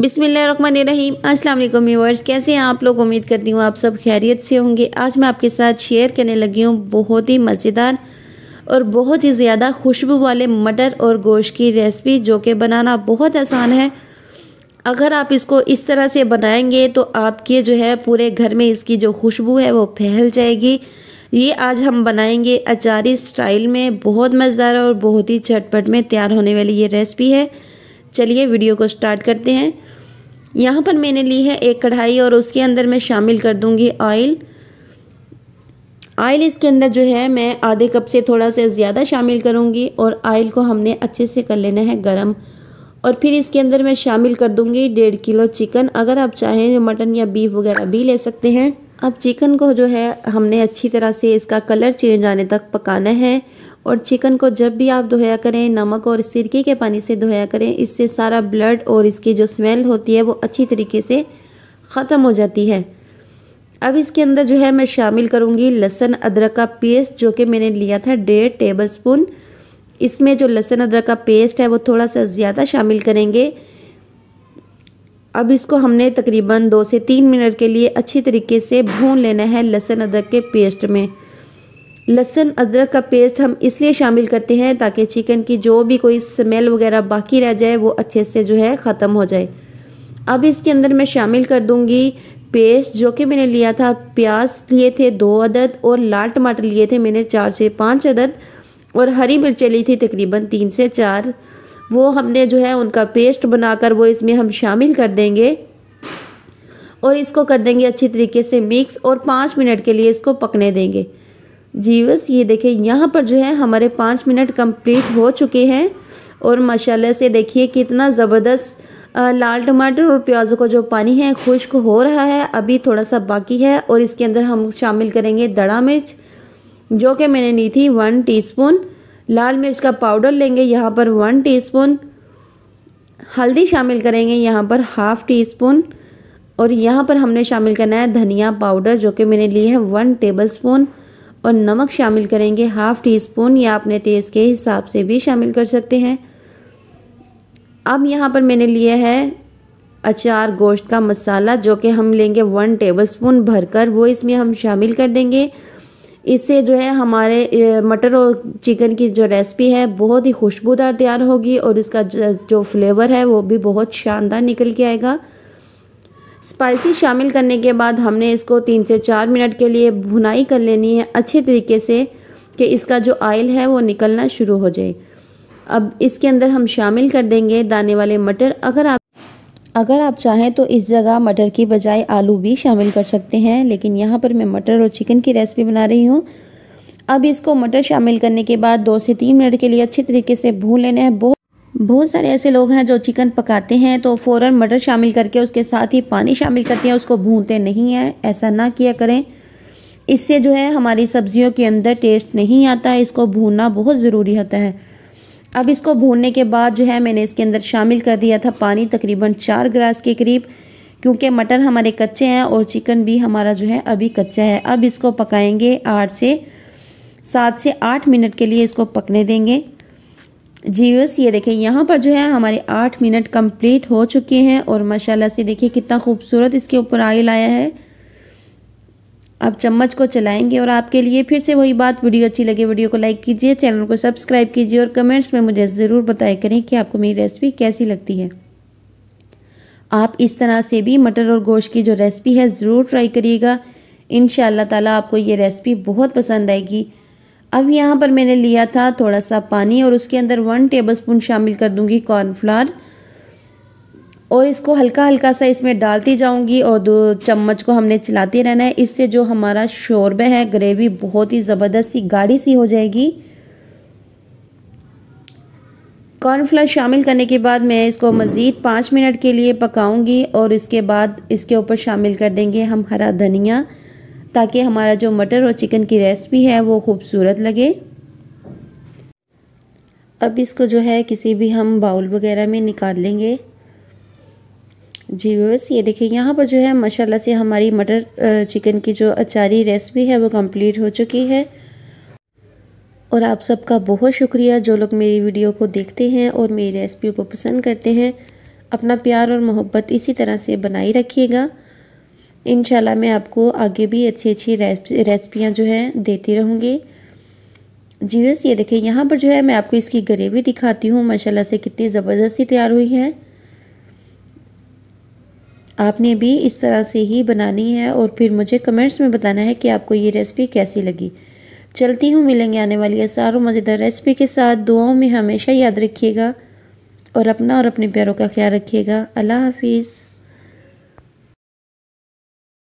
बिसमीम अस्सलाम व्यूवर्स कैसे हैं आप लोग उम्मीद करती हूँ आप सब खैरियत से होंगे आज मैं आपके साथ शेयर करने लगी हूँ बहुत ही मज़ेदार और बहुत ही ज़्यादा खुशबू वाले मटर और गोश्त की रेसिपी जो कि बनाना बहुत आसान है अगर आप इसको इस तरह से बनाएंगे तो आपके जो है पूरे घर में इसकी जो खुशबू है वो फैल जाएगी ये आज हम बनाएंगे अचारी स्टाइल में बहुत मज़ेदार और बहुत ही झटपट में तैयार होने वाली ये रेसिपी है चलिए वीडियो को स्टार्ट करते हैं यहाँ पर मैंने ली है एक कढ़ाई और उसके अंदर मैं शामिल कर दूँगी ऑयल ऑयल इसके अंदर जो है मैं आधे कप से थोड़ा सा ज़्यादा शामिल करूँगी और आयल को हमने अच्छे से कर लेना है गरम और फिर इसके अंदर मैं शामिल कर दूँगी डेढ़ किलो चिकन अगर आप चाहें जो मटन या बीफ वगैरह भी ले सकते हैं अब चिकन को जो है हमने अच्छी तरह से इसका कलर चेंज आने तक पकाना है और चिकन को जब भी आप धोया करें नमक और सिरके के पानी से धोया करें इससे सारा ब्लड और इसकी जो स्मेल होती है वो अच्छी तरीके से ख़त्म हो जाती है अब इसके अंदर जो है मैं शामिल करूँगी लहसन अदरक का पेस्ट जो कि मैंने लिया था डेढ़ टेबल स्पून इसमें जो लहसुन अदरक का पेस्ट है वो थोड़ा सा ज़्यादा शामिल करेंगे अब इसको हमने तकरीबन दो से तीन मिनट के लिए अच्छी तरीके से भून लेना है लहसुन अदरक के पेस्ट में लहसुन अदरक का पेस्ट हम इसलिए शामिल करते हैं ताकि चिकन की जो भी कोई स्मेल वगैरह बाकी रह जाए वो अच्छे से जो है ख़त्म हो जाए अब इसके अंदर मैं शामिल कर दूँगी पेस्ट जो कि मैंने लिया था प्याज लिए थे दो अदद और लाल टमाटर लिए थे मैंने चार से पाँच अदद और हरी मिर्चें ली थी तकरीबन तीन से चार वो हमने जो है उनका पेस्ट बनाकर वो इसमें हम शामिल कर देंगे और इसको कर देंगे अच्छी तरीके से मिक्स और पाँच मिनट के लिए इसको पकने देंगे जीवस ये देखिए यहाँ पर जो है हमारे पाँच मिनट कंप्लीट हो चुके हैं और माशाल्लाह से देखिए कितना ज़बरदस्त लाल टमाटर और प्याज का जो पानी है खुश्क हो रहा है अभी थोड़ा सा बाकी है और इसके अंदर हम शामिल करेंगे दड़ा मिर्च जो कि मैंने ली थी वन टीस्पून लाल मिर्च का पाउडर लेंगे यहाँ पर वन टीस्पून हल्दी शामिल करेंगे यहाँ पर हाफ़ टी स्पून और यहाँ पर हमने शामिल करना है धनिया पाउडर जो कि मैंने ली है वन टेबल स्पून और नमक शामिल करेंगे हाफ़ टी स्पून या अपने टेस्ट के हिसाब से भी शामिल कर सकते हैं अब यहाँ पर मैंने लिया है अचार गोश्त का मसाला जो कि हम लेंगे वन टेबल स्पून भर कर वो इसमें हम शामिल कर देंगे इससे जो है हमारे मटर और चिकन की जो रेसिपी है बहुत ही खुशबूदार तैयार होगी और इसका जो फ्लेवर है वो भी बहुत शानदार निकल के आएगा स्पाइसी शामिल करने के बाद हमने इसको तीन से चार मिनट के लिए भुनाई कर लेनी है अच्छे तरीके से कि इसका जो आयल है वो निकलना शुरू हो जाए अब इसके अंदर हम शामिल कर देंगे दाने वाले मटर अगर आप अगर आप चाहें तो इस जगह मटर की बजाय आलू भी शामिल कर सकते हैं लेकिन यहाँ पर मैं मटर और चिकन की रेसिपी बना रही हूँ अब इसको मटर शामिल करने के बाद दो से तीन मिनट के लिए अच्छे तरीके से भून लेना है बहुत बहुत सारे ऐसे लोग हैं जो चिकन पकाते हैं तो फ़ौर मटर शामिल करके उसके साथ ही पानी शामिल करते हैं उसको भूनते नहीं हैं ऐसा ना किया करें इससे जो है हमारी सब्जियों के अंदर टेस्ट नहीं आता है इसको भूनना बहुत ज़रूरी होता है अब इसको भूनने के बाद जो है मैंने इसके अंदर शामिल कर दिया था पानी तकरीबन चार ग्रास के करीब क्योंकि मटर हमारे कच्चे हैं और चिकन भी हमारा जो है अभी कच्चा है अब इसको पकाएंगे आठ से सात से आठ मिनट के लिए इसको पकने देंगे जी जीवस ये देखें यहाँ पर जो है हमारे आठ मिनट कंप्लीट हो चुके हैं और माशाल्लाह से देखिए कितना खूबसूरत इसके ऊपर आयल आया है आप चम्मच को चलाएंगे और आपके लिए फिर से वही बात वीडियो अच्छी लगे वीडियो को लाइक कीजिए चैनल को सब्सक्राइब कीजिए और कमेंट्स में मुझे ज़रूर बताया करें कि आपको मेरी रेसिपी कैसी लगती है आप इस तरह से भी मटर और गोश्त की जो रेसिपी है ज़रूर ट्राई करिएगा इन ताला आपको ये रेसिपी बहुत पसंद आएगी अब यहाँ पर मैंने लिया था थोड़ा सा पानी और उसके अंदर वन टेबलस्पून शामिल कर दूंगी कॉर्नफ्लावर और इसको हल्का हल्का सा इसमें डालती जाऊंगी और दो चम्मच को हमने चलाते रहना है इससे जो हमारा शोरबे है ग्रेवी बहुत ही ज़बरदस्त सी गाढ़ी सी हो जाएगी कॉर्नफ्लावर शामिल करने के बाद मैं इसको मज़ीद पाँच मिनट के लिए पकाऊंगी और इसके बाद इसके ऊपर शामिल कर देंगे हम हरा धनिया ताकि हमारा जो मटर और चिकन की रेसिपी है वो खूबसूरत लगे अब इसको जो है किसी भी हम बाउल वगैरह में निकाल लेंगे जी बस ये देखिए यहाँ पर जो है माशाल्लाह से हमारी मटर चिकन की जो अचारी रेसिपी है वो कंप्लीट हो चुकी है और आप सबका बहुत शुक्रिया जो लोग मेरी वीडियो को देखते हैं और मेरी रेसिपी को पसंद करते हैं अपना प्यार और मोहब्बत इसी तरह से बनाई रखिएगा इन मैं आपको आगे भी अच्छी अच्छी रेसिपियाँ जो है देती रहूँगी जी बस ये देखिए यहाँ पर जो है मैं आपको इसकी ग्रेवी दिखाती हूँ माशाला से कितनी ज़बरदस्ती तैयार हुई है आपने भी इस तरह से ही बनानी है और फिर मुझे कमेंट्स में बताना है कि आपको ये रेसिपी कैसी लगी चलती हूँ मिलेंगे आने वाली सारों मज़ेदार रेसिपी के साथ दुआओं में हमेशा याद रखिएगा और अपना और अपने प्यारों का ख्याल रखिएगा अल्लाह हाफिज़